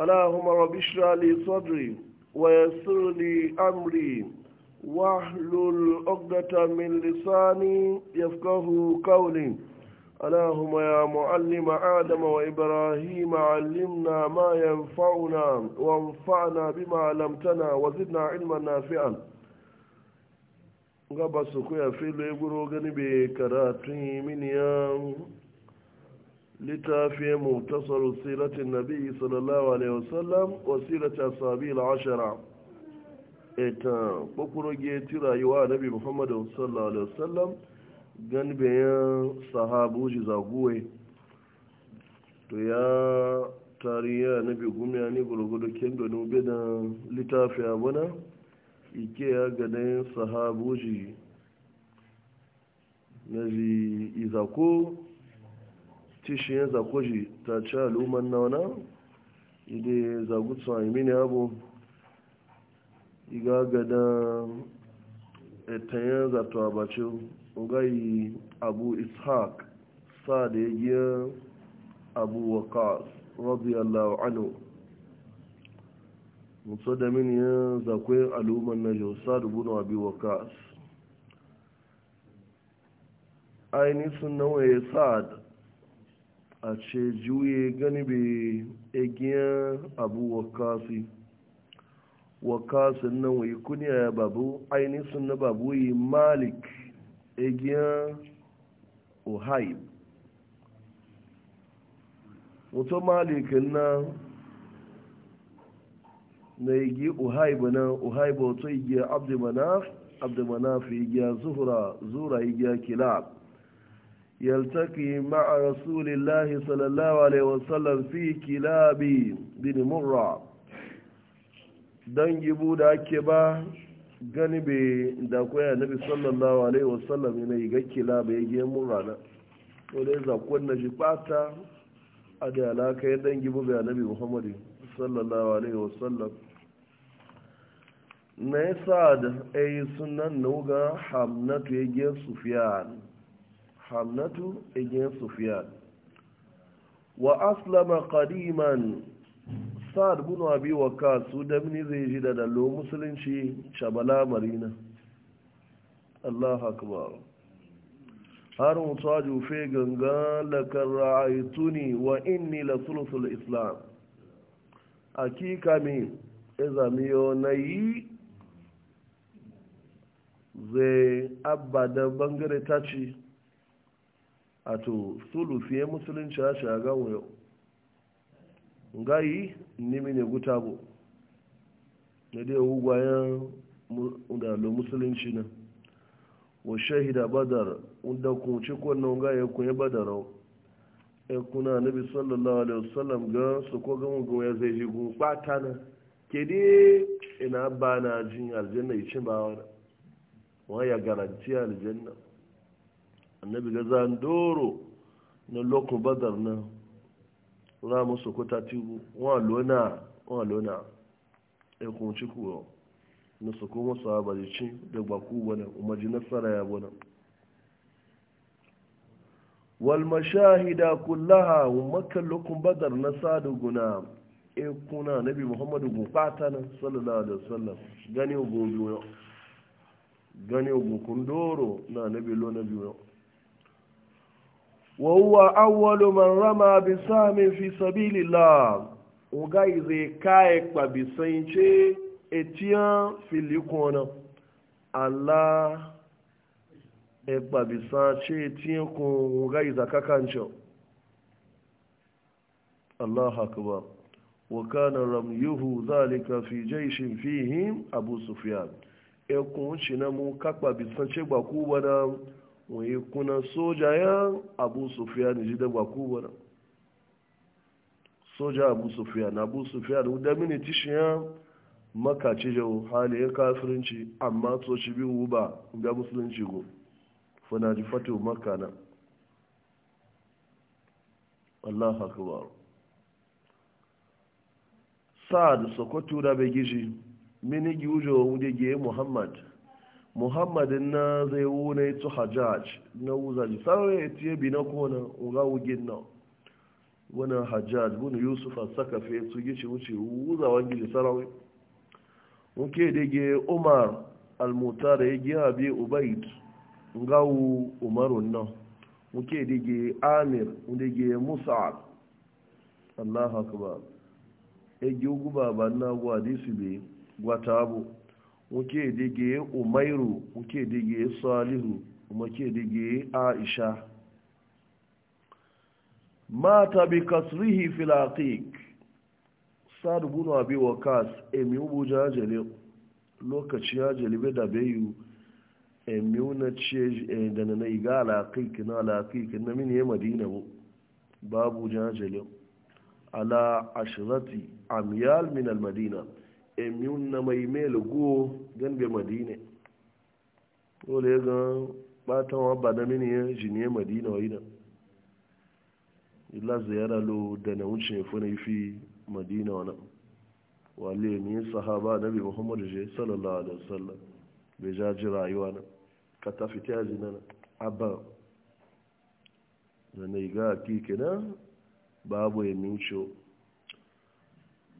اللهم رب اشرح لي صدري ويسر لي امري واحلل عقدة من لساني يفقه قولي اللهم يا معلم آدم وإبراهيم علمنا ما ينفعنا وانفعنا بما علمتنا وزدنا علما نافعا غبا سكويا في لغرو غني بكراتي من يوم littafin mutasarar siratin nabi sallallahu alaihi wasallam wasilata sabi al'ashara ita kwakwuroge ti rayuwa nabi muhammadu sallallahu alaihi wasallam gan bayan sahabu ji zaguwe to ya tariya nabi gumiya ne gurgudu kendo ne ube da littafi abuna ike ya ganin sahabu ji na ji izako tishin ya zako shi ta ci al'umman na wani ide zagu tsan imini abu iga gada etayen zato abacin ugayi abu ishaq sa da ya giya abu waqas radiyallahu anhu mutu da mini ya zakwai al'umman na jausa da bunu abu waqas ainihin sunan waye sa'ad a ce juye gani bai egiyar abu wakasi wakasin nan wai kuniya ya babu ainihin na babu yi malik egiyar ohio wato malikin na na igi ohio na ohio wato igi abdumanaf abdumanaf igi zuhura zura igi kilab يلتقي مع رسول الله صلى الله عليه وسلم في كلاب بن مرة dangi bu da ake ba gani be da koya nabi sallallahu alaihi wasallam ne ga kila bai ga mun rana to dai zakon na jibata a da alaka ya dangi bu ga nabi muhammad sallallahu alaihi wasallam na yasa da ai sunan nuga hamnatu ya ga sufiyan hamnatu igin sufiyan wa aslama qadiman sa'ad bunu abi waqas su da zai ji da lo musulunci shabala marina allah akbar har mutuwa jufe ganga lakar ra'aituni wa inni la sulusul islam akikami mi izamiyo na yi zai abada bangare ta ce a to fiye musulunci a ga wuyo ngayi nimi ne guta bu na dai hugwayen udalo musulunci na wa shahida badar da kunci kwanan ngayi kunye badarau ya kuna nabi sallallahu alaihi wasallam ga su ko gamu ya zai ji gun bata na ke dai ina ba na jin aljanna ya ci ba wani wani ya garanti aljanna annabi ga zan doro na lokun badar na ramu sokota tibu wa lona wa lona e kun ci kuwa na soko masu abarici da baku wani umarji nasara ya wani walmashahida kullaha makan lokun badar na sadu guna e na nabi muhammadu gufata na sallallahu alaihi wasallam gani ogun biyu gani ogun kundoro na nabi lo na biyu وهو أول من رمى بسهم في سبيل ka وغايزي كايك بسينشي اتيان في ليكونا الله ekpa bisa ce tinkun gai zakakancho Allah akbar wa kana ramyuhu zalika fi jayshin fihim abu sufyan ekun shi na mu kakpa bisa ce gbaku wani kuna soja ya abu sufiya ne ji dagwa na. soja abu sufiya na abu sufiya da wuda mini ya. makaci jau hali ya kafirinci amma soci biyu wuba ga musulunci go fana ji fatiwa makana allah akbar sa'ad sokoto da bai gishi mini giujo wude giye muhammad muhammadin na zai wuna tu hajjaj na wuzali sarari ya tiye bi na kona ura wugin na wani hajjaj wani yusuf a saka fe su gishi wuce wuzawan gishi sarari nke dage umar almuta da ya gina bi ubaid ngawu umarun na nke dage amir dage musa'ad allah akbar ya gi guba ba na gwadisi bi gwata abu muke dige umairu muke dige salihu muke dige aisha mata bi kasrihi fil aqiq sadu bunu abi wakas emi ubu jajale lokaci ya jalibe da bayu emi una ce eh, da na iga alaqiq na alaqiq na mini ya madina bu babu jajale ala ashrati amyal min al madinah. emiyun na mai mele guo gan be madine dole ga ba ta wa ba da mini ya madina wa ina illa ziyara lo da na wuce na yifi madina wa nan wale mi sahaba nabi muhammad je sallallahu alaihi wasallam be ja jaji rayuwa na ka ta fita jina abba da na ki kenan babu ya mincho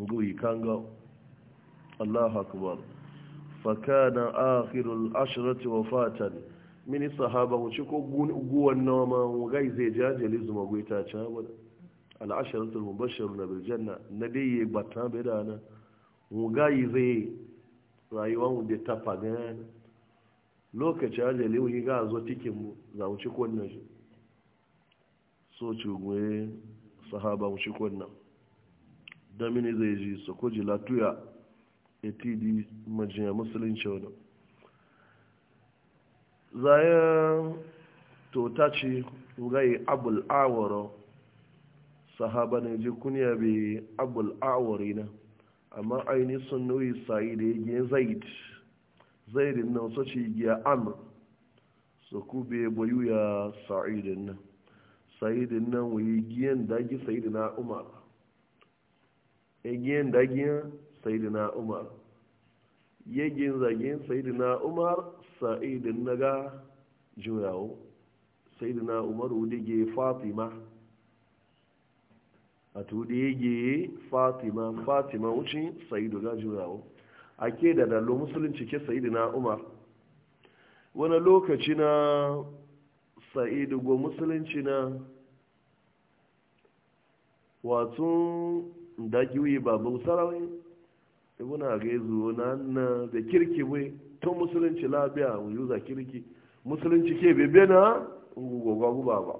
nguyi kanga Allahu akubar fakana akhirul ashrati wafatan mini sahaba wuce ko guwan nama wagai zai jajali zuma gwai ta ci wani al'asharatul mubashir na biljanna na dai ya bata bai da ana. wagai zai rayuwa mu da tafa yana lokaci ajali wuyi ga zo tikin mu za mu ci kwanan shi so ci gwe sahaba mu ci kwanan da zai ji sokoji latuya ya tidi majiya musulunci wani zayen tota ce gai abul awaro sahaba ne ji kuniya bai abul awari na amma ainihin sun nuyi sayi da ya gina zaid zaidin nan su ci giya amur su bai bayu ya sa'idin nan sa'idin nan wuyi giyan dagi sa'idina umar egiyen dagiyan sayidina umar yagin zagin sayidina umar sa'idin naga juyawo sayidina umar udige fatima a tudi yage fatima fatima wuce sayidu ga juyawo a ke da dallo musulunci ke sayidina umar wani lokaci na sa'idu go musulunci na watun da giwi ba bausarawai ibuna ga yanzu na na da kirki wai to musulunci labiya mu yuza kirki musulunci ke bebe na gogwa guba ba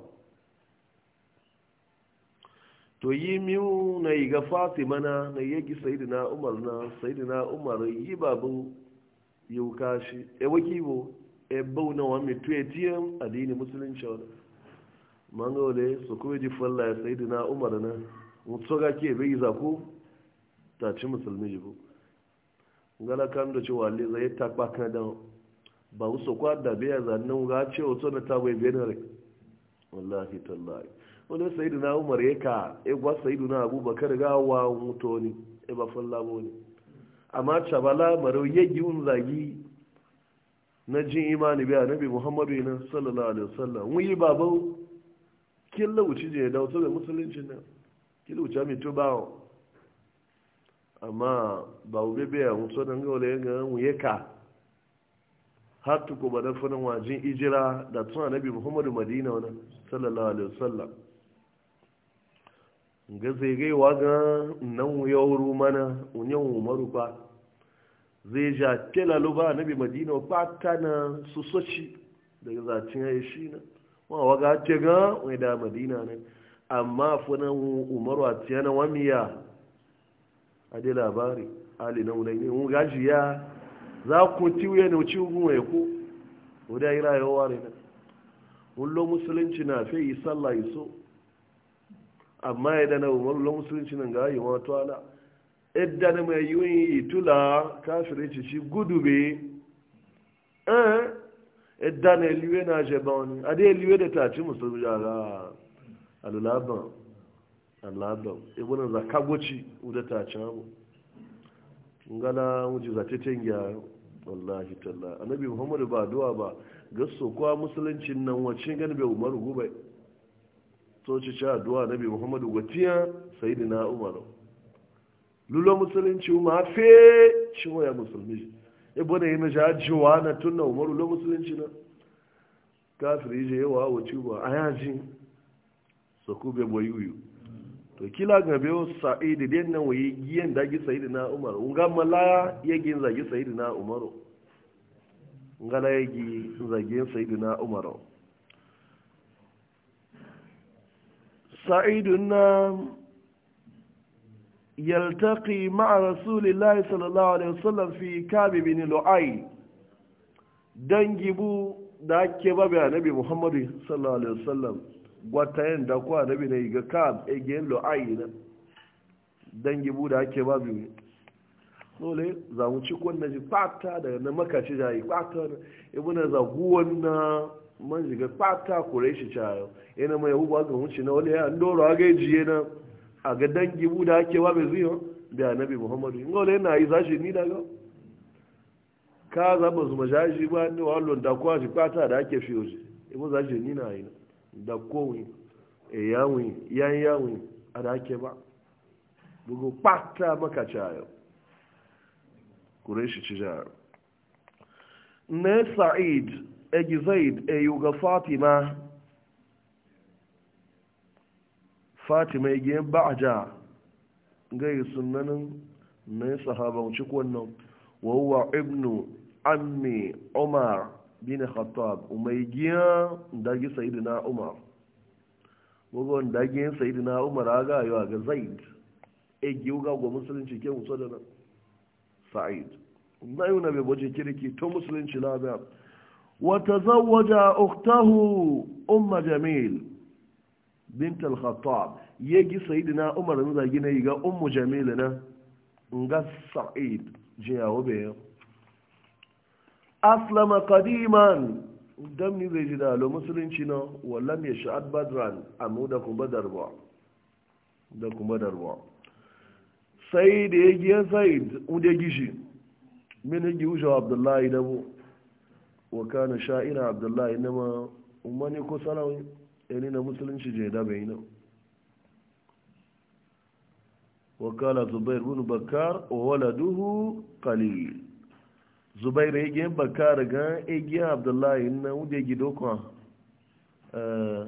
to yi miyu na yi ga fatima na na yagi sayidina umar na sayidina umar yi babu yau kashi e wakibo e bau na wa mitu e tiyan adini musulunci wani mangole su kuma ji falla sayidina umar na mutsoga ke bai zaku ta ci musulmi jibo ngala kan da cewa le zai ta kwaka da ba wuso kwa da biya zannan ga ce wato na ta bai bene re wallahi tallahi wani na umar ya ka e gwa sayyidina abubakar ga wa ne e ba fallabo ne amma chabala maro yegi un zagi na jin imani biya nabi muhammadu yana sallallahu alaihi wasallam wuyi babau kin lauci je da wato da musulunci ne kila wuce mai to bawa amma ba tó biya mutu nan ga wale ga wuye ka har tuku ba na funan wajen ijira da tun annabi muhammadu madina wani sallallahu alaihi sallam nga zai gai wa ga nan wuya wuru mana unyan umaru ba zai ja kela luba annabi madina ba ta na su soci daga zacin ya shi na wa waga ce ga wai da madina ne amma funan umaru a tiyana wamiya a dai labari ali na wunan yin gaji ya za ku tiwuye ne wuce ugun ya ku wadda yi rayuwa ne na wullo musulunci na fi yi sallah yi so amma ya dana umaru lo musulunci nan ga yi wato ala idda na mai yi tula kafirici shi gudu be eh idda na liwe na jeba wani a dai da ta ci musulunci a alulaban alaban ibn zakagoci uda ta camu ngala wuji zate tengiya wallahi talla annabi muhammad ba duwa ba gasso kwa musuluncin nan wacce gan bai umar gubai so ci cha muhammadu annabi muhammad gwatiya na umar lulo musulunci ma fe shi ya musulmi e bone yana ja jiwa na tunan umar lulo musulunci na kafiri je yawa wuci ba ayaji sakube boyuyu to kila ga biyo sa'idi den nan waye giyan da gi sa'idi na Umaru. Nga mala ya gin zagi sa'idi na Umaru? Nga la ya gi zagi sa'idi na umar sa'idu na yaltaqi ma'a rasulillahi sallallahu alaihi wasallam fi kab ibn lu'ay dangibu da ke babu annabi muhammadu sallallahu alaihi wasallam gwatayen da kuwa rabi na iga kab egeyen lo'ayi na dangi buda ake ba biyu dole za mu ci kwanna ji fata daga na makaci jayi fata na ibina zaguwan na man jiga fata kure shi cayo yana mai hubu ga wuce na wale ya ndoro a ga jiye na a ga dangi buda ake ba bai zuyo da annabi muhammadu in na yi zashi ni daga ka za ba su majaji ba ni wa allon da kuwa ji fata da ake fiye wuce zashi ni na yi na da kowi e yawi yan yawi a da ake ba bugu pata maka cayo kureshi ci jihar sa'id e gizaid e yuga fatima fatima e giyan e ga gai e sunanin ne sahabanci kwanan wa huwa ibnu ammi umar bin khattab umai giya dagi sayyidina umar bugun dagi sayyidina umar aga yawa ga zaid e giuga go musulunci ke musa da sa'id na yuna be boje kirki to musulunci la ba wa tazawwaja ukhtahu umm jamil bint al khattab yegi sayyidina umar mun zagi ne ga umm jamil na nga sa'id je yawo be aslama qadiman dam ni zai ji da lo musulunci na wallam ya sha'ad badran amma da kuma badar ba da kuma badar ba sai da ya giya zaid ude gishi min gi ujo abdullahi da bu wa kana sha'ira abdullahi nama umani ko salawi yani eh, na musulunci je da bai na wa kala zubair bin bakar wa waladuhu qalil zubairu ya gina baka daga igiya abdullahi na wude gido kwa eh,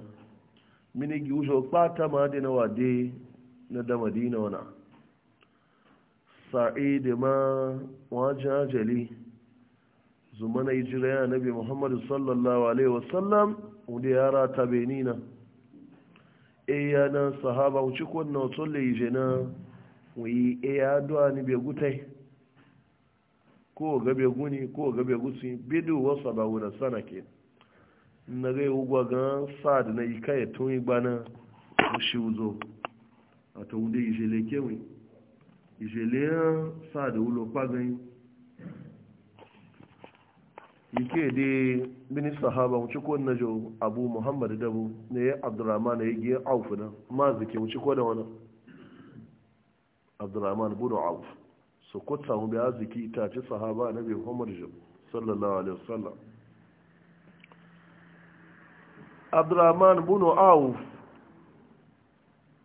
mini gi wujo kpata ma di na wade na da madina wana da ma wajen ajali zumana hijira ya nabi muhammadu sallallahu alaihi wasallam wude yara ta benina eya na sahaba wuce kwanan otun leije na wuyi eya adu'a ni bai gutai ko gabe guni ko gabe gusi bidu wasa ba wuna sana ke na gai ugwa ga sa da na yi kai tun yi gbana shi uzo a ta wunde ijele kewi ijele ya sa da wulo pagan yi ke de mini sahaba wuce ko na jo abu muhammad dabu ne ya abdurrahman ya gina aufu na ma zike wuce ko da wani abdurrahman budu aufu su kuta mu biya ziki ita ce sahaba na bai muhammadu jim sallallahu alaihi wasallam abdurrahman bunu awuf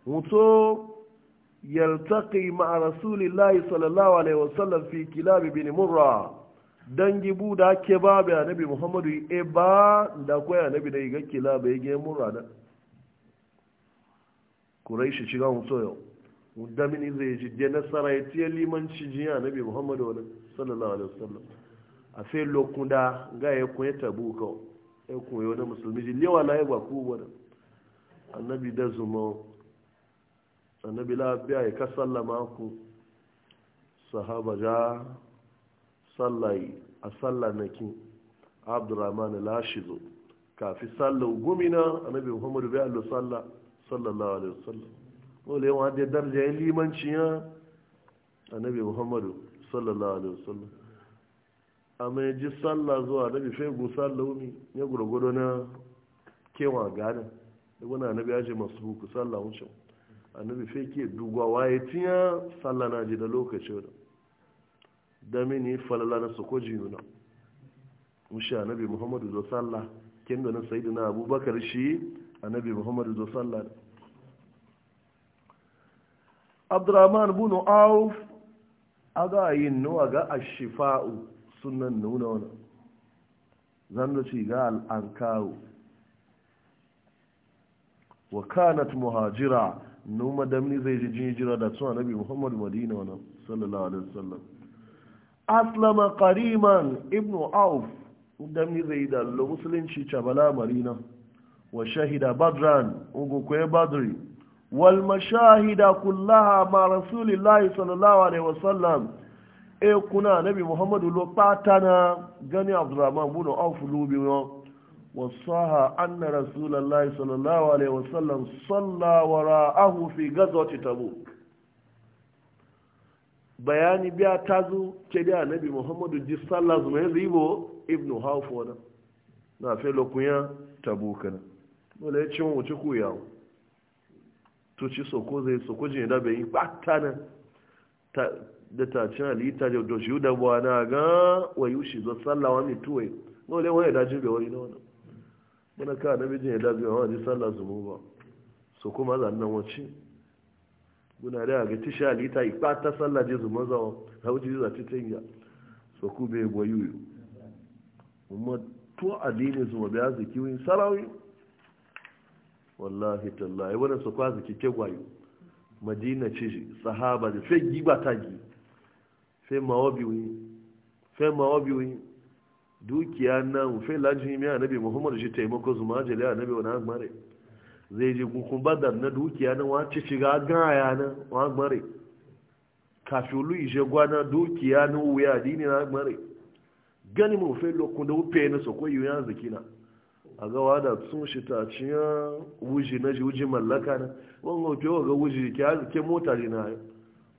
mutu yaltaqi ma'a lai sallallahu alaihi wasallam fi kilab bin murra gibu da ake ba na annabi muhammadu e ba da na annabi da ga kila bai gina murra da shi shiga mutu yau damini zai ji da nasara ya tiye limanci jiya bi Muhammadu wani sallallahu alaihi wasallam a fe lokunda ga ya kun tabu kawo ya kun yi wani musulmi ji lewa na ya baku wani annabi da zuma annabi lafiya ya ka sallama ku sahaba ja sallayi a sallanakin abdurrahman lashizo kafi sallau gumina annabi muhammadu bai allo sallah sallallahu alaihi wasallam wale yawan da darja ya limanci ya nabi muhammadu sallallahu alaihi wasallam a mai ji sallah zuwa nabi fai gusa launi ya gurgudu na kewa gane da wani annabi ya ce masu buku sallah wucin annabi fai ke dugwawa ya tiya sallah na ji da lokaci wadda da mini falala na su koji yuna mushi annabi muhammadu zo sallah kin da na sayidu na abubakar shi annabi muhammadu zo sallah abdurrahman bin auf aga yin nuwa ga ashifa'u sunan nuna wani zanda da ci ga al'ankawo wa kanat muhajira numa damni zai ji jira da tsohon nabi muhammadu madina wani sallallahu alaihi wasallam aslama kariman ibnu auf damni zai da musulunci cabala marina wa shahida badran ugu kwaye badri والمشاهد كلها مع رسول الله صلى الله عليه وسلم e kuna nabi muhammadu lo patana gani abdurrahman bunu auf lubi no wasaha anna rasulullahi sallallahu alaihi wasallam salla wara'ahu fi ghazwati tabuk bayani biya tazo ke da muhammadu ji sallah zuma yanzu ibo ibnu hawf na fe lokuya tabuk na wala ya ci mu ci ku yawo tuci soko zai soko jini da bai yi ɓata na da ta cin halitta da doshi da dabuwa na ga wayu shi zo sallawa mai tuwai na wale wani dajin bai wani na wani muna ka na bijin ya dabi wani ji sallah zumu ba so kuma zan nan wacce muna da ga tishi halitta yi ɓata sallah je zumu zawa hauji za ta yi so ku bai wayu yi kuma to addini zuwa bai arziki wani sarawi wallahi tallahi wannan su kwazi kike gwayo madina ce sahaba da sai giba ta gi sai mawa biyu fe mawa biyu dukiya nan fe lajin mai annabi muhammadu shi taimako su ma jale annabi wani agmare zai ji gukun badar na dukiya nan wa ci shiga gaya nan wa agmare kafin lu ishe gwana dukiya nan wuya dini na agmare gani mu fe lokun da wufe na sokoyi yana ya a gawa da sun shi ta ciya wuji na shi wuji mallaka na wani ofe wa ga wuji ke azike mota ne na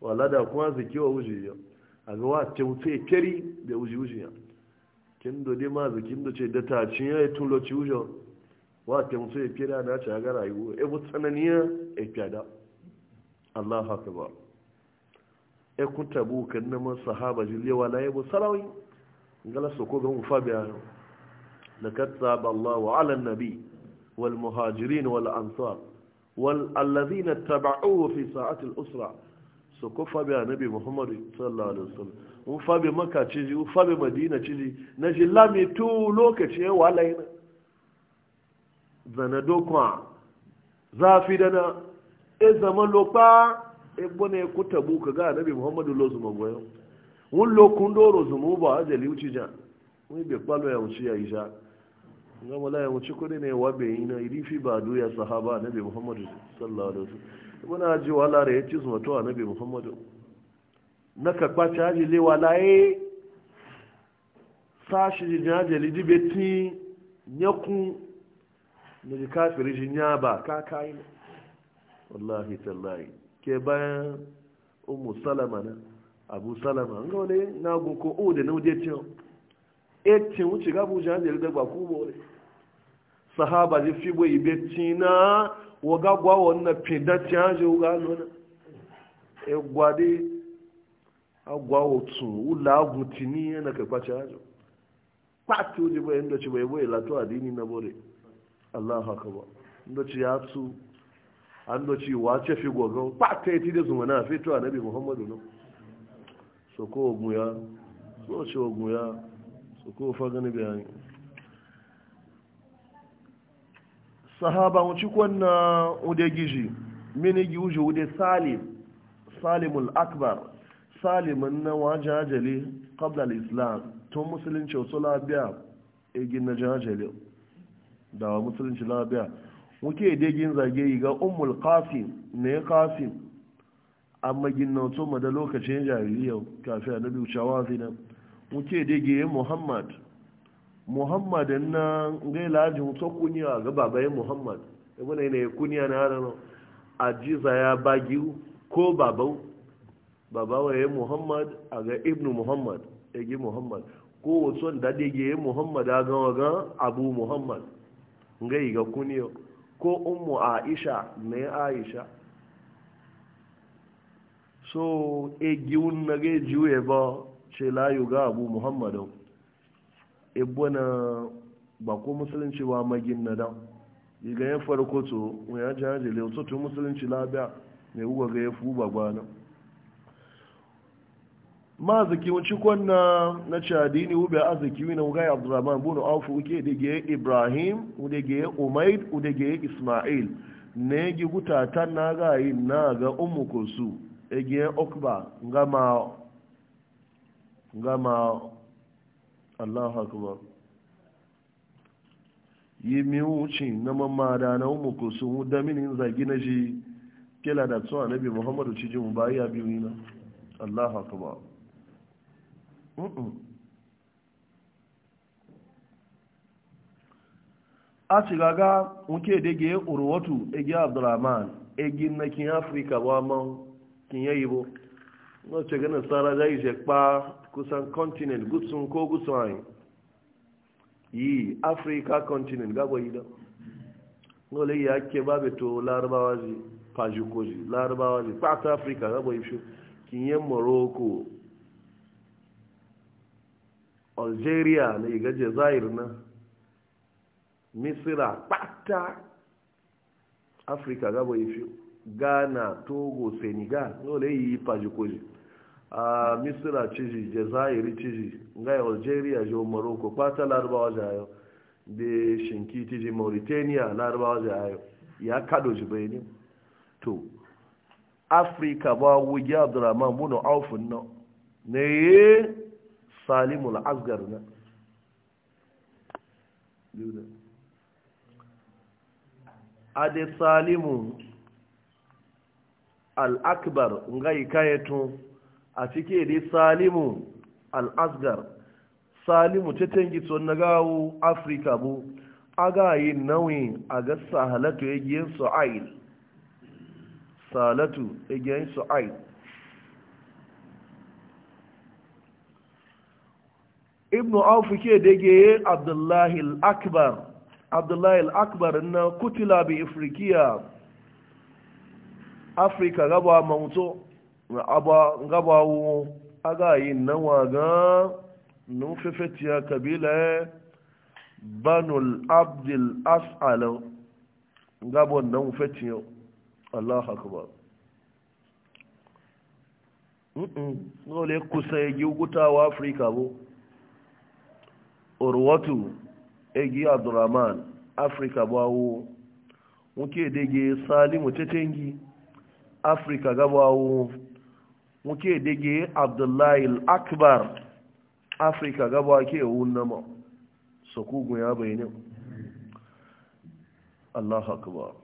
wala da kuma azike wa wuji ya a gawa ce mutu keri da wuji wuji ya kin do dai ma zikin do ce da ta ciya ya tulo ci wuji wa ce mutu keri na ci a ga rayuwa e bu tsananiya e fiada Allah haka ba e kun tabu kan na sahaba jiliya wala e bu sarawi ngala ko ga mu fabiya لقد تاب الله على النبي والمهاجرين والأنصار والذين اتبعوه في ساعة الأسرة سكفى بها نبي محمد صلى الله عليه وسلم وفى بمكة تجي وفى بمدينة تجي نجي لامي تو لوكة تجي وعلينا زندوكوا زافدنا إذا ما لوكا إبونا يكتا بوكا قال نبي محمد لازم أبوه wọn lo kundoro zumu ba ajali wuce jan wọn ibe kpalo ya wuce ya yi ja gama laye wuce kudi ne wa bai yi na irifi ba duya sahaba nabi muhammadu sallallahu alaihi wasallam muna ji wala da ya ci zuwa to nabi muhammadu na kakpa caji le wala ye sashi ji jaje li dibe ti nyakun na ji kafiri ji nya ba ka kai na wallahi tallahi ke bayan ummu salama na abu salama nga wale na gunko o da na wuje tiyo e ti wuce gabu jaje li dagba ku bore sahaba ji fi bai beti na waga e gwa wannan fidati e an ji wuga lona e gwade agwa otu e ula aguti ni yana kakwace ajo pati uji bai inda ci bai bai lato adini na bore allah haka ba inda ya tu a da ci wace fi pati eti ti da zuma na fito a nabi muhammadu no soko ogun ya soko ce ogun ya so ko fagani bayani sahaba ci kwanna ude giji mini gishi ude salim salimul akbar salimin na jajale kabla islam tun musulunci wasu labiya egin na jajale da wa musulunci labiya wuke degin zage yi ga ummul kafin ne qasim amma gina wato ma da lokacin jariyar kafin annabi wucewa zinan wuke dege muhammad muhammad na ngai lajin to kuniya ga babaye muhammad ibn ina ya kuniya na hada ajiza ya bagi ko babau babawa ya muhammad a ga ibnu muhammad ya gi muhammad ko wasu da dege ya muhammad a ga waga abu muhammad ngai ga kuniya ko ummu aisha ne aisha so egi un na ga juye e ba ce layu ga abu muhammadu ebona ba ko musulunci wa magin na dan iga ya farko to mu ya jaje le to to musulunci labiya ne ga ya fi ba gwana ma zaki mun ci konna na chadini ube azaki wina uga abdurrahman bunu aufu uke de ge ibrahim ude ge umayd ude isma'il na gi guta ta na ga yin na ga ummu kursu ege okba gama ngama allahu akbar yi mi wuce na mamada na umu ko sun wuda minin zagi na shi kila da tsohon nabi muhammadu ci jin ba ya biyu na allahu akbar a ci gaga nke dege urwatu egi abdurrahman egi na kin afirka ba man kin yayi bo no ce ganin sara zai je pa kusan continent gutsun ko gutsun yi africa continent gaba yi don ngole yi ake babe to larabawa ji pajikoji larabawa ji south africa gaba yi shi kinyen morocco algeria na iga zahir na misira pata africa gaba yi shi ghana togo senegal ngole yi pajikoji a misira ciji jazairi ciji ngai algeria jo morocco pata larabawa jayo be shinki ciji mauritania larabawa jayo ya kado ji bai ne to afirka ba wuge abdurrahman muno aufin na ne yi salimu asgar na ade salimu al-akbar ngai kayetun a cike dai salimu al'asgar salimu ta tangi na gawo afirka bu aga yi nauyin a ga sahalatu egiyen su'ail salatu egiyen su'ail ibnu aufu ke dage abdullahi al'akbar abdullahi al'akbar na kutila bi afirkiya afirka gaba mawuto gabawo aga yi nan waga nufifetiya kabila e, banul abdul as'ala gabon nan fetiya allah akbar nole kusa ya e gi gutawa afirka bu urwatu egi abdurrahman afirka bawo muke dege salimu tetengi afirka gabawo muke dage abdullahi akbar afirka gaba ke wunna ma sakugun ya bayanin allah akbar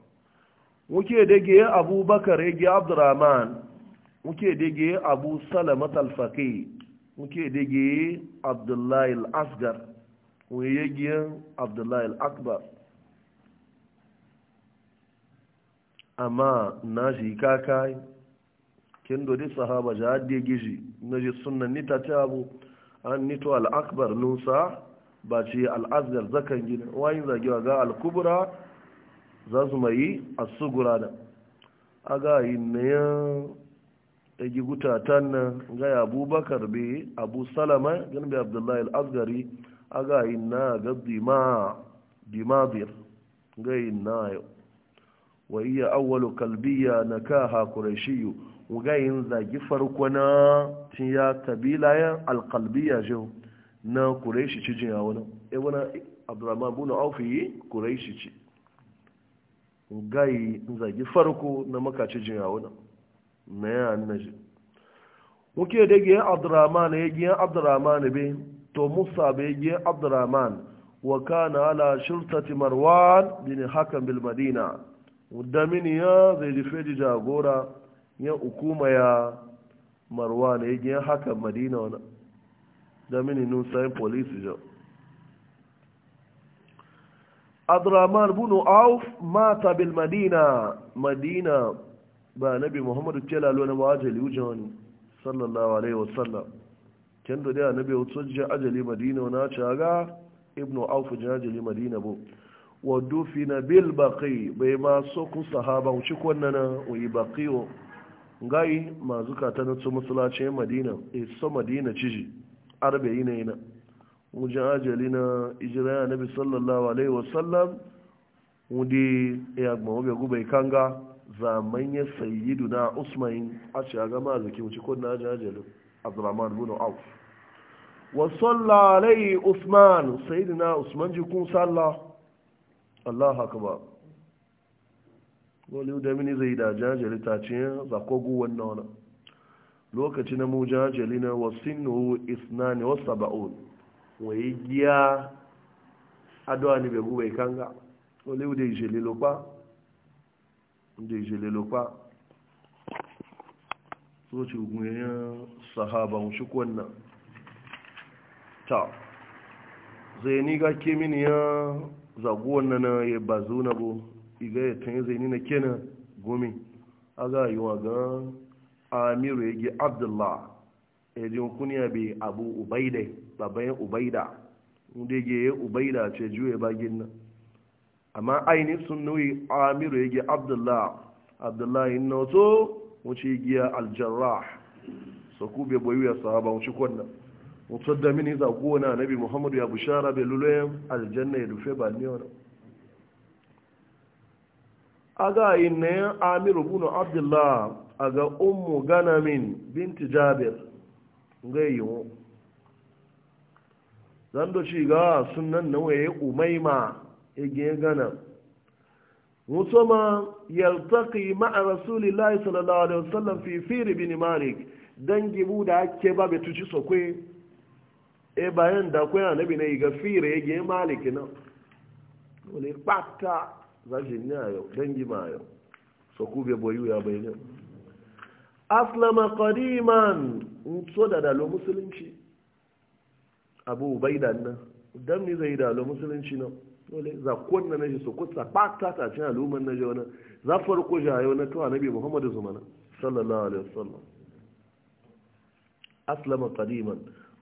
muke dage abubakar yage abdurrahman muke dage abu salamat alfaqi muke dage abdullahi asgar wani yage abdullahi akbar amma na shi kakai kin dodi sahaba ja di giji na ji sunan ta abu an nito al'akbar nusa ba ce al'azgar zakan gina wayin zagewa ga al'kubura za su mai a sugura da a ga yi na yan ɗagi gutatan nan ga abubakar be abu salama bi abdullahi al'azgari a ga yi na ga dimabir ga yi na yau wa iya awwalu kalbiya na kaha kurashiyu wugayin zagi farko na tiya kabilayen alkalbiya jau na kureshi ci jiya e wani ebuna abdurrahman bunu aufi kureshi ci wugayi zagi farko na makaci jiya wani na ya annaji muke da giyan abdurrahman ya giyan abdurrahman be to musa be giyan abdurrahman wa kana ala shirtati marwan bin hakan bilmadina? madina mini ya zai jife jagora yin hukuma ya marwa na yi yin haka madina wani damini nun sayin polisi jau abdurrahman bunu auf mata bil madina madina ba nabi muhammadu celalo na ba ajali wujen wani sallallahu alaihi wasallam ken da da nabi wasu jin ajali madina na caga ibnu auf jin ajali madina bu na bil baki. bai ma so ku sahaba wuce kwanna na uyi baqiyo gai mazuka ta na su musulacin madina isa eh, madina ciji arba'in na yana wajen ajali na ijiraya na bisallallahu alaihi wasallam wudi ya gba wabe gubai kanga zaman ya sayidu na usman a ci a gama zuki wuce ko na ajali abdurrahman bin auf Wasu salla alaihi usman sayidu na usman jikun sallah allah akbar gole da mini zai da jajali ta ce za ko wannan na wani lokaci na mu jajali na wasin nuhu isnani wasa ba'un wai giya adọ́wà ni bai bẹ̀ kanga wani da de ìṣẹ̀lẹ̀ ló pa de ìṣẹ̀lẹ̀ ló pa tó ti gùn sahaba ta zai ni ga kémi ya zagu na ya bazu na bu iga ya tun zai nina kenan gome a ga yi wa gan amiru ya gi abdullah ya ji kuniya bai abu ubaidai babayin ubaida inda ya yi ubaida ce juya bagin nan amma aini sun nuyi amiru ya gi abdullah abdullah yin na wuce giya aljarrah so ku bai bayu ya sahaba wuce kwanan mutu da mini za gona nabi muhammadu ya bushara bai lulayen aljanna ya rufe ba ne wani aga inna amir ibn abdullah aga ummu ganamin binti jabir Dan zando shi ga sunan nawaye umaima ege gana musoma yaltaqi ma'a rasulillahi sallallahu alaihi wasallam fi fir bin malik dangi gibu da ake ba bai ci sokwe e bayan da kwaya nabi ne ga fir ege malik na wale pata zajin ne ayo dangi ma ayo so kube boyu ya bayyana aslama qadiman so da dalo musulunci abu ubaidan nan dan ni zai dalo musulunci na dole za konna na shi so ko sabata ta cin aluman na jona za farko jayo na to annabi muhammadu zumana sallallahu alaihi wasallam aslama qadiman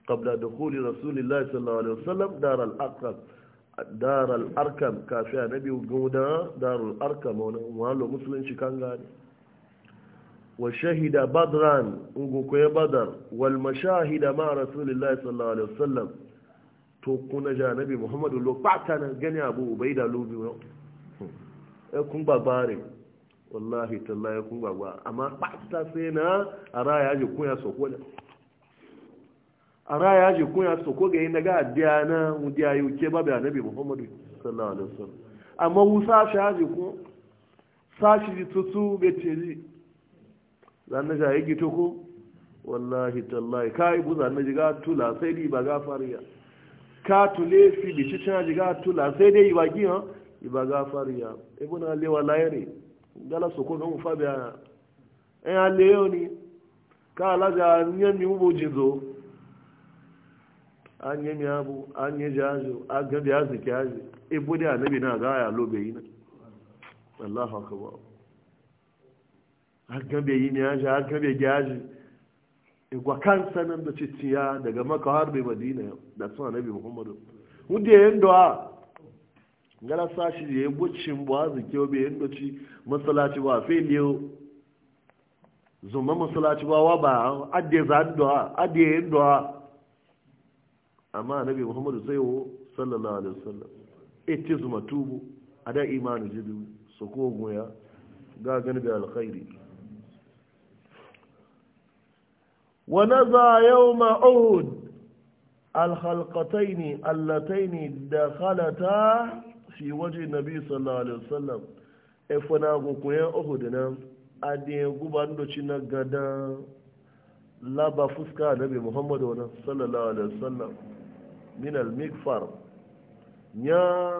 qabla dukhuli rasulillahi sallallahu alaihi wasallam dar al-aqab Darar arkam kafi a nabi guda darar arkam wani walo musulunci kan gani wa shahida badran ungokoye badar wal mashahida ma rasulullahi sallallahu alaihi wasallam to kuna ja nabi muhammadu lo pata na gani abu ubaida lobi wani ya kun babare wallahi tallahi kun gbagba amma pata sai na a raya ji kunya sokola ara ya ji kun ya so ko ga yin ga adiya na mudiya yau ke babu annabi muhammadu sallallahu alaihi wasallam amma wusa shi ya je kun sashi ji tutu be teji zan na ga yi to ko wallahi tallahi kai zan na ji ga tula sai di ba fariya ka tule fi bi cikin ji ga tula sai dai ba Yi ba gafariya ibn alewa yare gala so ko ga mu fa biya eh yo ni ka mi mu bo jizo an yi bụ an ji azụ an gabi ya zuki yaji na aga lobe yi na allahu akbar an yi ne yaji an gabe gyaji igwa kan sanan da ciciya daga maka har madina da sun anabi muhammadu wanda e ya yi doa ngala sashi ya bucin ba zuki obi ya e masalaci wa fe liyo masalaci ba wa ba amma nabi muhammadu tsayo sallallahu alaihi wasallam ita zuma tubu a da imanu jidu su ko goya ga gani da alkhairi wa naza yawma uhud ne allataini halata fi waje nabi sallallahu alaihi wasallam e fana gunkuyen uhud nan adiyan guban doci na gada laba fuska nabi muhammadu wani sallallahu alaihi wasallam min al-mikfar nya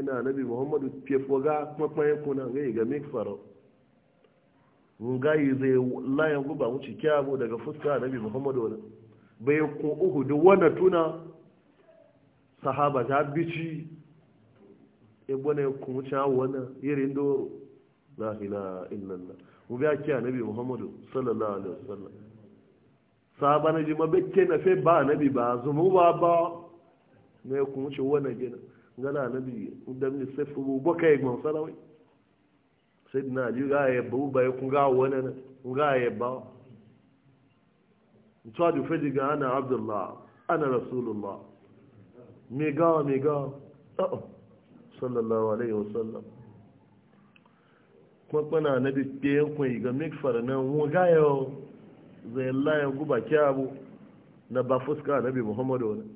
ina nabi muhammadu kuma kwakwaye kuna ga ga mikfar ngai zai layan guba mu cike daga fuska nabi muhammadu wala bai ku duk wana tuna sahaba ta bici e bone ku cha wana irin do la ilaha illallah mu ga kiya nabi muhammadu sallallahu alaihi wasallam sahaba na ji mabekke na fe ba nabi ba zumu ba ba na ya kuma ce wani gina gana na bi don ne sai fi gobe ka na ji ga ya ba ba ya kun ga wani na ga ya ba mutuwa da fadi ga ana abdullah ana rasulullah me gawa me gawa oh, sallallahu alaihi wasallam kuma kuna na biyu yankun ga mikfar nan wun ga yau zai layan guba kyabu na ba fuska nabi muhammadu wani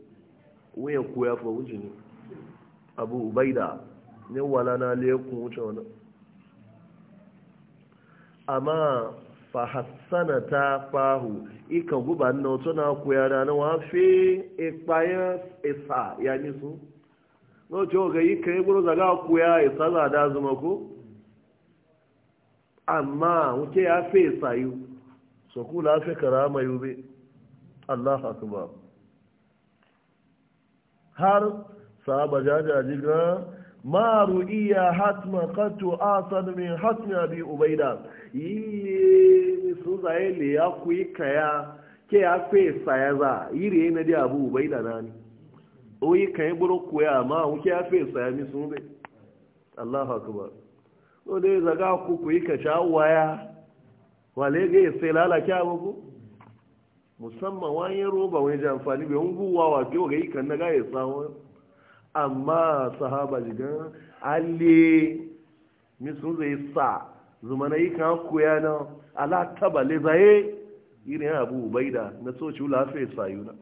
waya koya fa wuce ne abu ubaida ne wala na lekun wuce wani amma fa hassana ta fahu ika guba na otu na koya rana wa fi ikpaya e isa e ya nisu n'oche oge ike egburu zaga koya isa e za da zuma ko amma wuce ya fi isa yi sokula fi karama yube Allah akbar har sahaba jajaji ga maru iya hatma katu asan min hatmi abi ubaida yi su zaye le ya kuyi kaya ke ya fesa saya za ne na di abu ubaida na ni yi kayi buru kuya ma wuke ya fe saya mi sun bai allahu akbar o dai zaga ku kuyi ka sha waya wale ga ya sai lalake abubu musamman wani roba wani ji amfani bai hunguwa wa ga yi kan na gaya tsawon amma sahaba jigan alle misun zai sa zuma na kan koya na ala taba le zaye irin abu ubaida na soci wula fe sayu na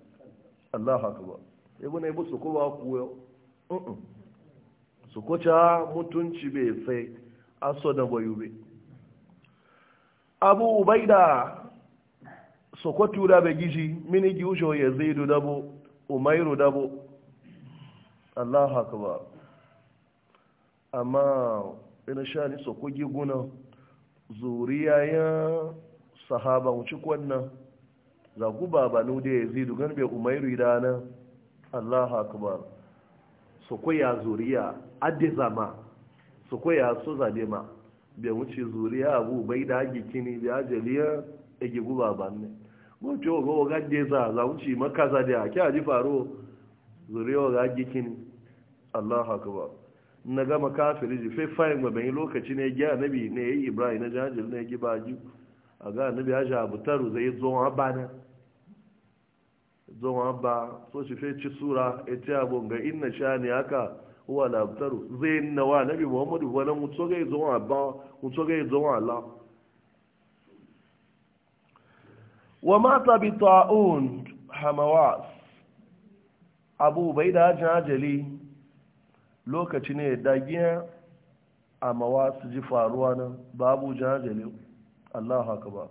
allah haka ba ibu na ibu su kowa koyo su koca mutunci bai sai aso da bayu bai abu ubaida sokotu da bai gizi, mini giusho ya zaidu dabo umairu dabo allah haka amma ina sha ni sokogi guna zuriya ya sahaba wuce kwanna za ku babanu da ya zaidu gan bai umairu idana allah haka ba sokoya zuriya adi zama sokoya so zabe ma bai wuce zuriya abu bai da hagi kini bai ajaliya egi guba ne wato wa gawa gadde za za wuce makaza a kya ji faro zuriya ga gikin Allahu akbar na gama makafiri ji fai fayin ba bai lokaci na ya nabi na yayi Ibrahim na na ne ya baji a ga nabi ya jabu taru zai zo wa bana zo wa ba so shi fai ci sura ita ga inna shani haka huwa labtaru zai Muhammadu wa ba wa mata bi ta'un hamawas abu bai da jajali lokaci ne dagiya a mawasu ji faruwa nan babu jajali allahu akbar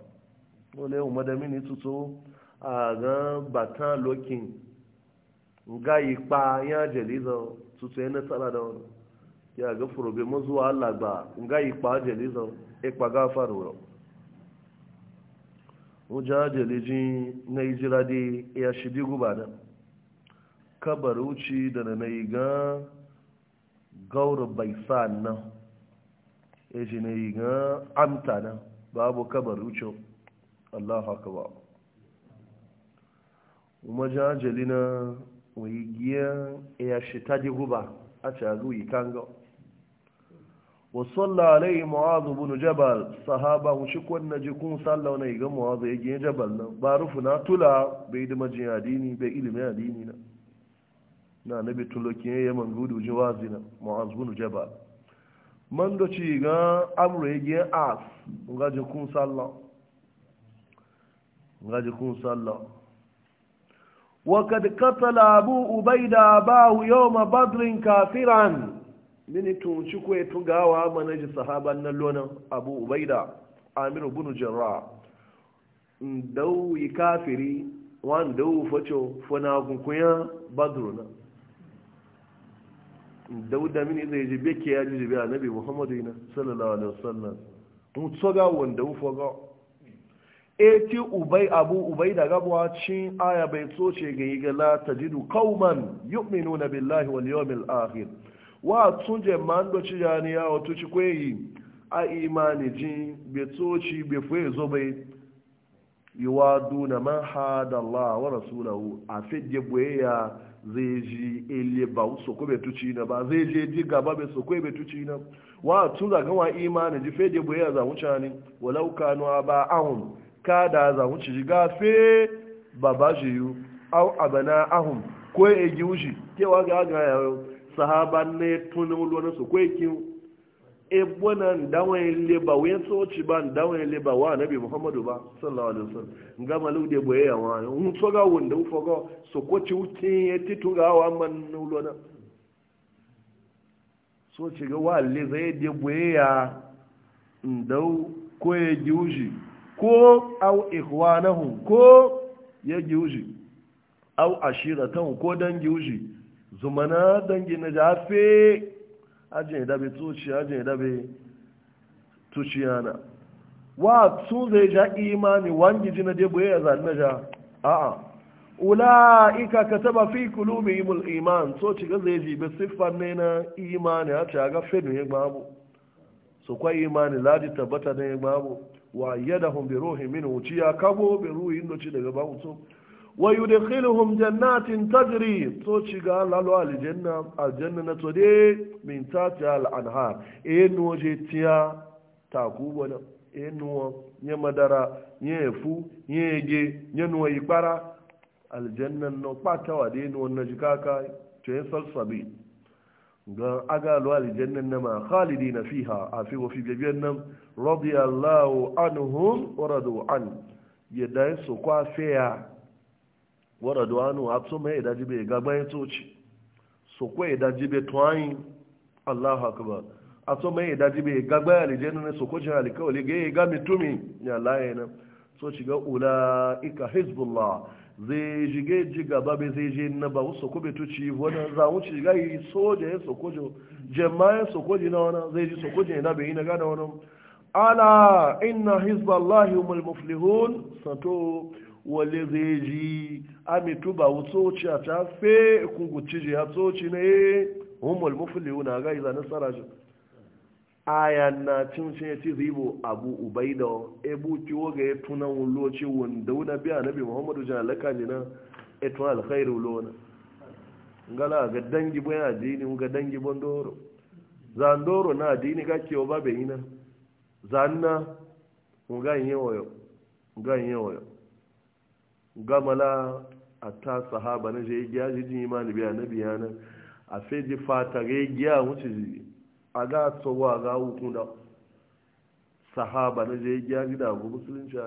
dole yau ni tuto a ga batan lokin ga ipa ya jali da tuto ya nasara da wani ya ga furobe mazuwa allah ba ga ipa jali da ipa e gafaru wujajali e e ji na izira dai ya shidi guba na kabar uci da na yi ga gauru baisa nan ya ji na yi ga amta nan babu kabar wuce allah haka ba wujajali na wai giya ya e shita di guba a cagu yi kango وصلى عليه معاذ بن جبل صحابة وشكونا جكون صلى ونيجا معاذ يجي جبل بعرفنا تلا بيد مجي عديني بإلم عدينينا na nabi tulokin ya man gudu jawazina mu'az bin jabal man do ci ga amru yage as ga je kun salla ga kun salla wa kad qatala abu ubayda kafiran mini tunci ko ya tugawa mana ji sahaban nan lonan abu ubaida amir bin jarra dau yi kafiri wan dau fato fona kunkunya badruna Ndau da mini zai ji beke ya ji bi annabi muhammadu ina sallallahu alaihi wasallam mun tsoga wanda foga eti ubay abu ubai da cin aya bai tsoce ga yi gala tajidu qauman yu'minuna billahi wal yawmil akhir wa tunje ma do ya ni ya otu ci kweyi a imani jin be tsoci be fwe zo bai yuwaduna ma hada Allah wa rasulahu a fidye ya zai ji ele ba so ko betu na ba zai je ji gaba be so ko betu na wa tun da ga wa imani ji fidye ya za wuce ne walau kanu aba ahum kada za wuce ji gafe baba yu au abana ahum ko e ke wa ga ga sahaba ne tun wani su kwai kiwo ebona dawon leba wen soci ba dawon leba wa nabi muhammadu ba sallallahu alaihi wasallam nga malu de boye ya wa un soga wonda u fogo so ko ci uti e tun ga wa man nulona so ci ga wa le zai de boye ya ndau ko ya jiuji ko au ikhwanahum ko ya jiuji au ashiratahum ko dan jiuji zumana dangi na jafe ajin dabe tuci ajin dabe tuci yana wa sun zai ja imani wangi jina jebu ya ya na ja a'a ulaika taba fi qulubihimul iman so ci ga zai jibe siffar ne na imani a ta ga fedu ya babu so kwa imani ladi tabbata ne ya babu wa yadahum bi ruhi min wuciya kabo bi ruhi ndo ci daga babu so wa yudkhiluhum jannatin tajri to shiga lalu aljanna aljanna na to de min tati al anhar enu je tiya ta ku bona enu nye madara nye fu nye ege nye nuwa ikpara aljanna no pata wa de enu na jikaka to en salsabi ga aga lo aljanna na ma khalidina fi an wara duwanu a tso mai idaji bai gagba ya tsoci so kwa idaji bai tuwayin allahu akbar a tso mai idaji bai gagba ya lijiyar na so kwacin alikawali ga ya ga mitumi ya laye na so shiga ula ika hezbollah zai jige ji gaba bai zai je na ba so ko bai tuci wani za mu ci ga yi soja ya so kojo jemma ya so koji na wani zai ji so koji na bai yi na gada wani ala inna hezbollah humul muflihun sato wale zai ji amitu ba wutoci a ta fe kunguci ji ya toci ne humul mufuli wuna ga iza nasara ji aya na cin shi ya ci zibo abu ubaida ebu kiwo ga ya tuna wuloci wanda wuna biya nabi muhammadu jana laka jina etu alkhairu lona ngala ga dangi boyan adini ga dangi bondoro zandoro na adini ga kiwo babe ina zanna ngayin yoyo ngayin yoyo gamala a ta sahaba na ya giya jijin imani biya na biya nan a sai ji fata ga giya wuce a ga a ga hukun da sahaba na je giya gida abu musulunci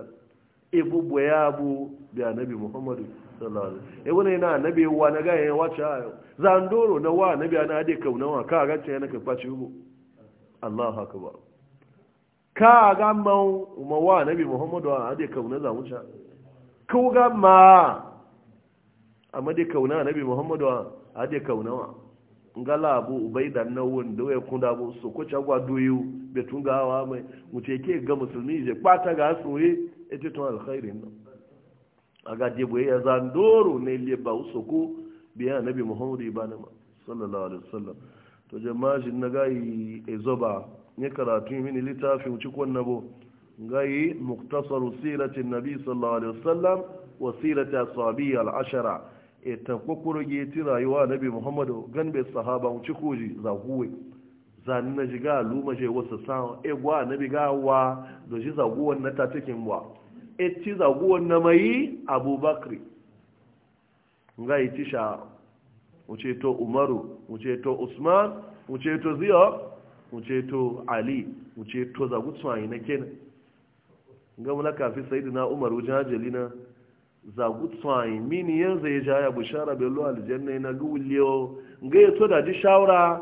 ibu e boya abu biya nabi muhammadu sallallahu alaihi wasallam e wani na nabi wa na ga ya wace yau. zandoro na wa nabi ana ade wa ka ga ce na ka faci Allah Allahu akbar ka ga mawa nabi muhammadu a ade kauna a. kuga ma amma dai kauna annabi muhammadu a dai wa? ngala abu ubaida na wanda ya kunda abu so ko chagwa doyu betungawa mai muce ke ga musulmi zai kwata ga soye ita tun alkhairin nan aga je boye ya zandoro ne le ba su ko biya annabi muhammadu ibana sallallahu alaihi wasallam to jama'a jin nagai ezoba ne karatu mini littafi mu ci ko nabo غي مختصر سيرة النبي صلى الله عليه وسلم وسيرة أصحابه العشرة etakwakuru ya ti rayuwa محمد muhammadu gan bai sahaba wuce koji zaguwe zanen na jiga luma je wasu sa'on egwa nabi gawa da shi zaguwan na tatikin wa eti zaguwan na mai abubakar nga iti sha wuce to umaru wuce to usman wuce to ziyar wuce to ali wuce to kenan ga mula kafi sai na Umaru jajali na zagu tsawai mini yanzu ya jaya bushara bello aljanna na wuliyo ga ya to da ji shawara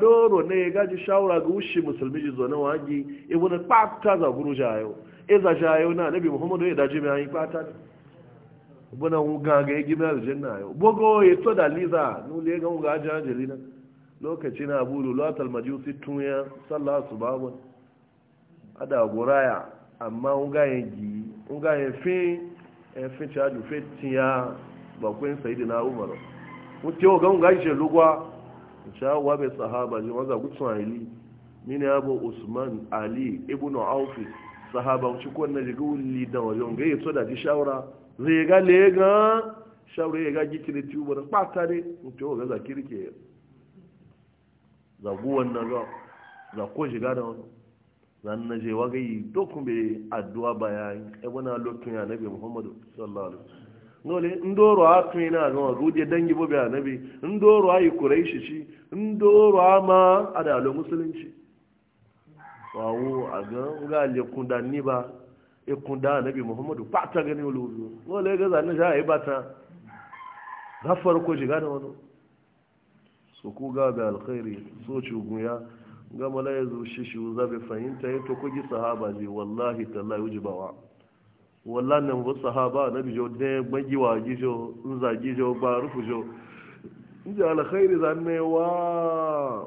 doro ne ya gaji shawara ga wushi musulmi ji zo na wagi ibnu fata za guru jayo e za jayo na nabi muhammadu ya daji mai pata ibnu unga ga ya gina aljanna yau. bugo ya to da liza ya ga a hajjali na lokacin abu lulatul majusi su babu a ada goraya amma nga ya gi nga ya fi fi caju fi tiya bakwai saidi na umaru wuce wa gan gashi lugwa cha wa be sahaba ji maza gutsun ali mini abu usman ali ibnu aufi sahaba wuce ko na ji gulli da wajen ga yato da ji shawara zai ga legan shawara ya ga gikiri tubar kwata ne wuce wa ga zakirke zaguwan na ga zakon shiga da wani zan na je wagayi dokun be addu'a bayan e wana lokun ya nabi muhammadu sallallahu alaihi wasallam nole ndoro a tun ina ga guje dangi bobe a ndoro a yi kuraishi shi ndoro a ma a alo musulunci wawo aga ga ga le kunda ni ba e kunda nabi muhammadu pata gani olubu nole ga zan ja yi bata na farko shiga da wani su ku ga da alkhairi so ci gunya gama la ya zuci shi za fahimta ya to kogi sahaba ne wallahi tallahi yuji bawa wallahi nan ba sahaba na bijo ne magiwa gijo in za gijo ba rufu jo in ji alkhairi za ne wa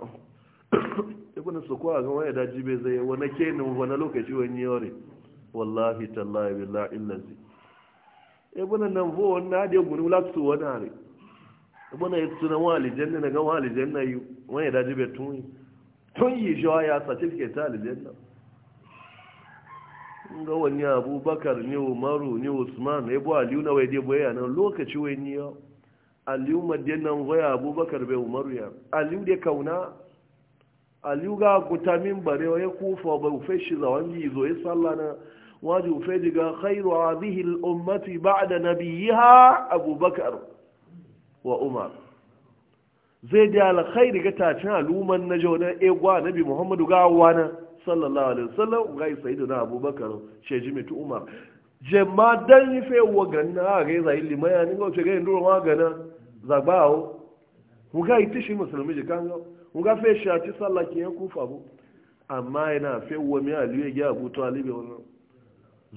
ibn sukuwa ga waya daji bai zai wani ke ne wani lokaci wani yore wallahi tallahi billahi illazi ibn nan bo wani na da gunu laksu wani ne ibn ya tsuna wani aljanna na ga wani aljanna yi wani daji bai tuni tun yi shawa ya certificate aljanna ga wani abubakar ne umaru ne usman ya bu aliyu na waje boyaya nan lokaci wai ni yau aliyu madiyan nan waya abubakar bai umaru ya aliyu da kauna aliyu ga kutamin min bare ya kufa ba ufe shi za wani izo ya tsalla na waje ufe daga khairu hadhihi al ummati ba'da nabiyiha abubakar wa umar zai da alkhairi ga tacin aluman na jauna egwa bi muhammadu ga wana sallallahu alaihi wasallam ga sayyidu na abubakar sheji mai umar jemma dan yi fe wa ganna ga zai limaya ni ga ga nduro ma gana zagbao mu ga itishi musulmi ji kan ga mu ga fe shati sallah ke kufa bu amma yana fe wa mi aliyu ga abu talib wannan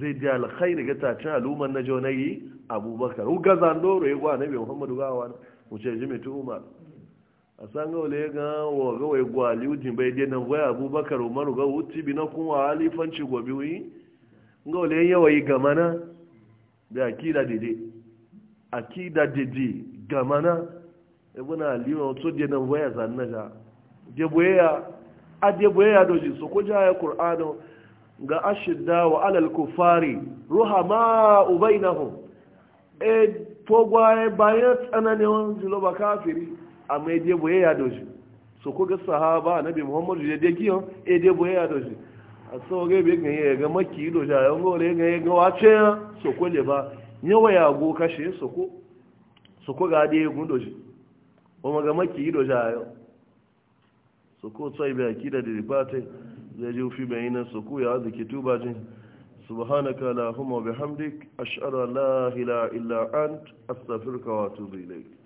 zai da alkhairi ga tacin aluman na na yi abubakar ga zandoro egwa bi muhammadu ga wana mu sheji mai umar a sanga ya ga wa gawai gwali ujin bai dai nan waya abubakar umaru ga wuti bi na kuma halifanci gobe wi ga ya yawai yi gamana da akida dede akida dede gamana ibuna aliyu wato dai nan waya zanna ga deboya a deboya doji so ko jaya qur'ano ga ashidda wa alal kufari ruhama ubainahum e fogwaye bayan tsananin jiloba kafiri mai dai boye ya doji so ko ga sahaba nabi muhammadu ya de kiyon dai boye ya doji a saurin bai ga ya ga maki doji a yawon gole ya ga wace ya so ko le ba yawa ya go kashe so ko so ko ga dai gun doji o ma ga maki doji ja yau so ko sai bai akida da ribatai zai ji fi bayanan so ko ya arziki tuba jin سبحانك اللهم وبحمدك أشهد أن لا إله إلا أنت أستغفرك وأتوب إليك